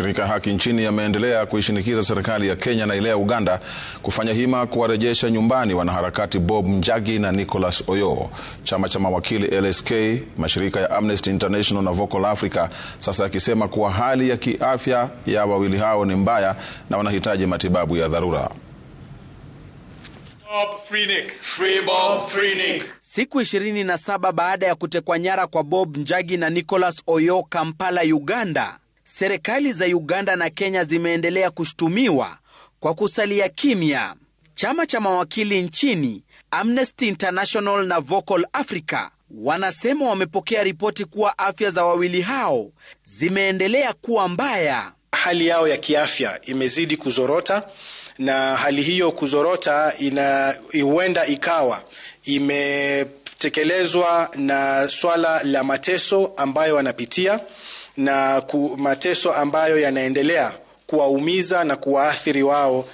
Shirika haki nchini yameendelea kuishinikiza serikali ya Kenya na ile ya Uganda kufanya hima kuwarejesha nyumbani wanaharakati Bob Njagi na Nicholas Oyoo. Chama cha mawakili LSK, mashirika ya Amnesty International na Vocal Africa sasa yakisema kuwa hali ya kiafya ya wawili hao ni mbaya na wanahitaji matibabu ya dharura. Bob, free Free Bob, free Siku 27 baada ya kutekwa nyara kwa Bob Njagi na Nicholas Oyoo Kampala, Uganda serikali za Uganda na Kenya zimeendelea kushutumiwa kwa kusalia kimya. Chama cha mawakili nchini, Amnesty International na Vocal Africa wanasema wamepokea ripoti kuwa afya za wawili hao zimeendelea kuwa mbaya. Hali yao ya kiafya imezidi kuzorota na hali hiyo kuzorota ina huenda ikawa imetekelezwa na swala la mateso ambayo wanapitia na mateso ambayo yanaendelea kuwaumiza na kuwaathiri wao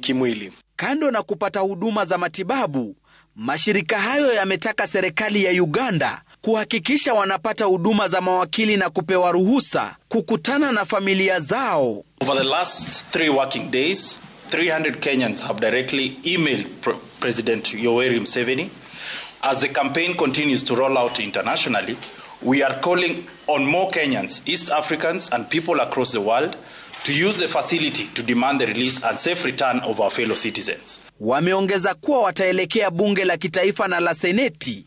kimwili. Kando na kupata huduma za matibabu, mashirika hayo yametaka serikali ya Uganda kuhakikisha wanapata huduma za mawakili na kupewa ruhusa kukutana na familia zao. Over the last three working days, 300 Kenyans have directly emailed President Yoweri Museveni as the campaign continues to roll out internationally we are calling on more Kenyans, East Africans, and people across the world to use the facility to demand the release and safe return of our fellow citizens. Wameongeza kuwa wataelekea bunge la kitaifa na la seneti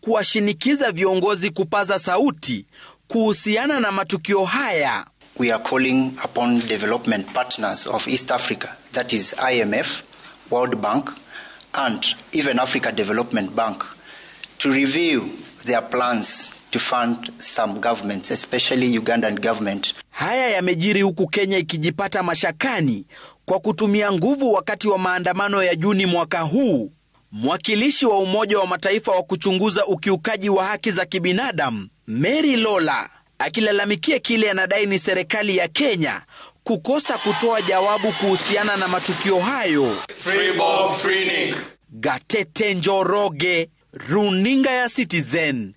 kuwashinikiza viongozi kupaza sauti kuhusiana na matukio haya. We are calling upon development partners of East Africa, that is IMF, World Bank, and even Africa Development Bank to review their plans to fund some governments, especially Ugandan government. Haya yamejiri huku Kenya ikijipata mashakani kwa kutumia nguvu wakati wa maandamano ya Juni mwaka huu. Mwakilishi wa Umoja wa Mataifa wa kuchunguza ukiukaji wa haki za kibinadamu, Mary Lola, akilalamikia kile anadai ni serikali ya Kenya kukosa kutoa jawabu kuhusiana na matukio hayo. Free free Gatete Njoroge, Runinga ya Citizen,